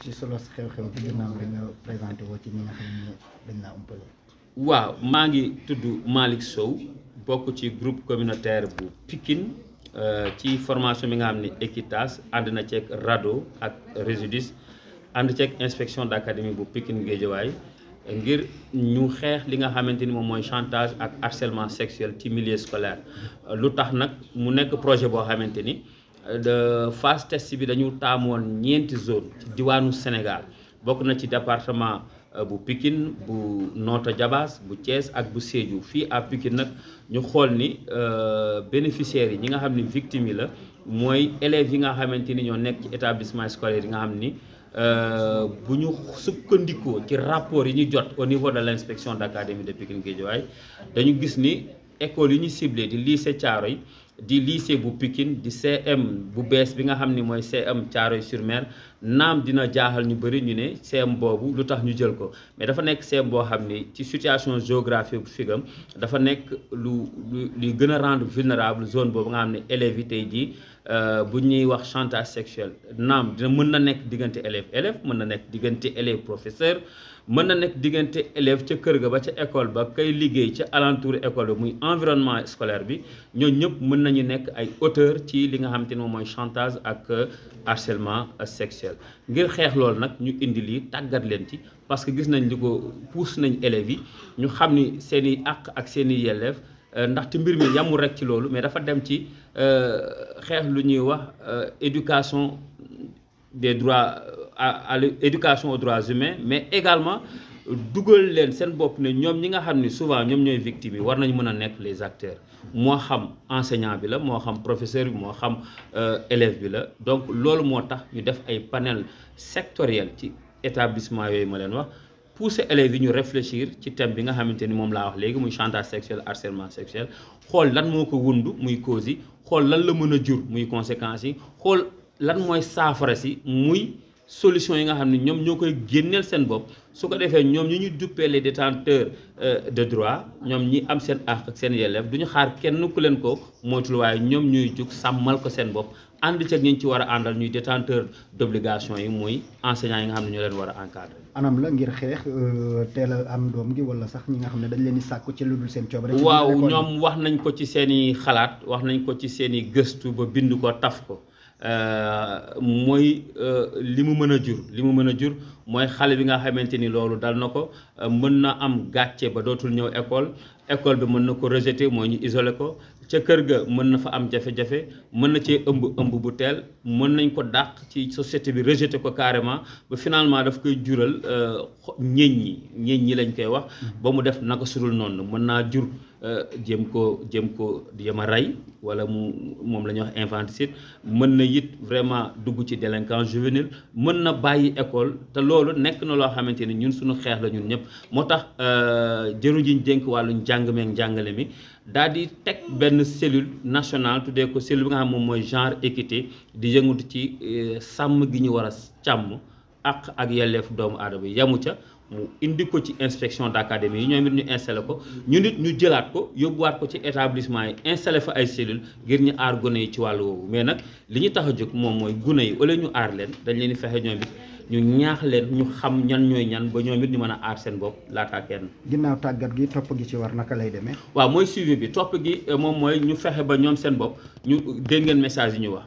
ci solo xew-xew bi ginnaaw bi nga présenté ci dañ umpale. waaw Sow ci groupe communautaire bu Pikine euh, ci formation bi nga xam ne Equitas na ceeg ak Résidus ada ceeg inspection d' bu Pikine Guédiawaye ngir ñu xeex li nga xamante chantage ak harcèlement sexuel ci milieu scolaire lu nak nag mu nekk projet boo de phase bi dañu taamoon ñeenti zone ci diwaanu Sénégal bokk na ci département euh, bu Pikine bu Notto Diobass bu Thiès ak bu Sédhiou fii à Pikine nag ñu xool ni euh, bénéficiaires yi ñi nga xam ni victimes yi la mooy élèves yi nga xamante ni ñoo nekk ci établissement scolaire yi nga xam ni euh, bu ñu sukkandikoo ci rapport yi ñu jot au niveau de l' inspection d' académie de Pikine Guédiawaye dañu gis ni école yi ñuy ciblé di lycée Thiaroye yi di lycée bu Pikine di CM bu bees bi nga xamni moy CM Thiaroye sur Mer nam dina jaaxal ñu bari ñu ne CM bobu lu tax ñu jël ko mais dafa nek CM bo xamni ci situation géographique figam dafa nek lu li gëna rendre vulnérable zone bobu nga xamni élèves tay ji euh bu ñuy wax chantage sexuel nam dina mëna nek digënté élèves, élève élève nek na élèves professeurs, élève professeur mën élèves nekk élève kër ga ba ci école ba kay liggéey ci alentour école bi muy environnement scolaire bi ñoo ñëpp mëna nañu nek ay auteur ci li nga chantage euh, harcèlement sexuel ngir ñu indi parce que gis nañ li pousse nañ élèves ñu ak euh, mais dafa euh, éducation des droits à l'éducation aux droits humains mais également dugal len sen bop ne ñom ñi nga xam ni souvent ñom ñoy victime war nañ mëna a les acteurs mo xam enseignant bi la mo xam professeur bi mo xam euh, élève bi la donc lool moo tax ñu def ay panel sectoriel ci établissement yoy ma len wax pousser élèves ñu réfléchir ci thème bi nga xamanteni mom la wax légui muy chantage sexuel harcèlement sexuel xol lan moko ko wundu muy cause yi xol lan la mëna jur muy conséquences yi xol lan moy saafara si muy solution yi nga xam ne ñoom ñoo koy génneel seen bopp su ko defee ñoom ñu ñu duppee les détenteurs euh, de droit ñoom ñi am seen àq ak seen yelleef du ñu xaar kenn ku leen ko moytul waaye ñoom ñuy jug sàmmal ko seen bopp ànd ceeg ñu ci war a àndal ñuy détenteur d' obligation yi muy enseignants yi nga xam ne ñoo leen war a encadrer. anam la ngir xeex euh, teel am doom gi wala sax ñi nga xam ne dañ leen di sàkku ci lu dul seen coobare. waaw ñoom wax nañ ko ci seen i xalaat wax nañ ko ci seen i gëstu ba bind ko taf ko. Euh, mooy euh, li mu mën a jur li mu mën a jur mooy xale bi nga xamante ni loolu dal na ko euh, mën na am gàcce ba dootul ñëw école école bi mën na ko rejeter mooy ñu isoler ko ca kër ga mën na fa am jafe-jafe mën na cee ëmb ëmb bu teel mën nañ ko dàq ci société bi rejeter ko carrément ba finalement daf koy jural ñeñ ñi ñeñ ñi lañ koy wax mm-hmm. ba mu def naka sudul noonu mën naa jur Euh, jéem ko jéem ko jéem a rey wala mu moom la ñuy wax infanticide mën na it vraiment dugg ci délinquance juvénile mën na bàyyi école te loolu nekk na loo xamante ni ñun suñu xeex la ñun ñëpp moo tax euh, jëru jiñ dénk wàllu njàng meek njàngale mi daal di teg benn cellule nationale tuddee ko cellule bi nga xam moom mooy genre équité di yëngut ci euh, sàmm gi ñu war a càmm ak ak yelleef doomu aadama yamu ca mu indi ko ci inspection d' académie yi ñoom it ñu installé ko ñu nit ñu jëlaat ko yóbbuwaat ko ci établissement yi installé fa ay cellules ngir ñu aar gone yi ci wàllu woowu mais nag li ñu tax a jóg moom mooy gone yi au ñu aar leen dañ leen di fexe ñoom it ñu ñaax leen ñu xam ñan ñooy ñan ba ñoom it ñu mën a aar seen bopp laataa kenn. ginnaaw tàggat gi topp gi ci war naka lay demee. waaw mooy suivi bi topp gi moom mooy ñu fexe ba ñoom seen bopp ñu dégg message ñu wax.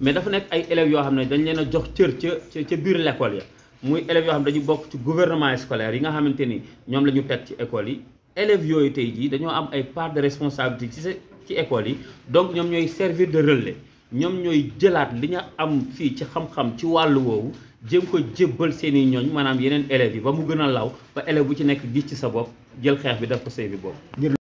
mais dafa nek ay élèves yo xamné ne dañ leen jox cër ci ci biir l'école ya muy élèves yo xamné ne dañu bokk ci gouvernement scolaire yi nga xamanteni ñom lañu la ci école yi élèves yooyu tay ji dañu am ay part de responsabilité ci ci école yi donc ñom ñoy servir de relais ñom ñoy jëlat li nga am fi ci xam-xam ci walu wowo jëm ko jébbal seeni ñoñ manam yenen yeneen élèves yi ba mu gëna law ba élève bu ci nek gis ci sa bop jël xex bi def ko sey bi bop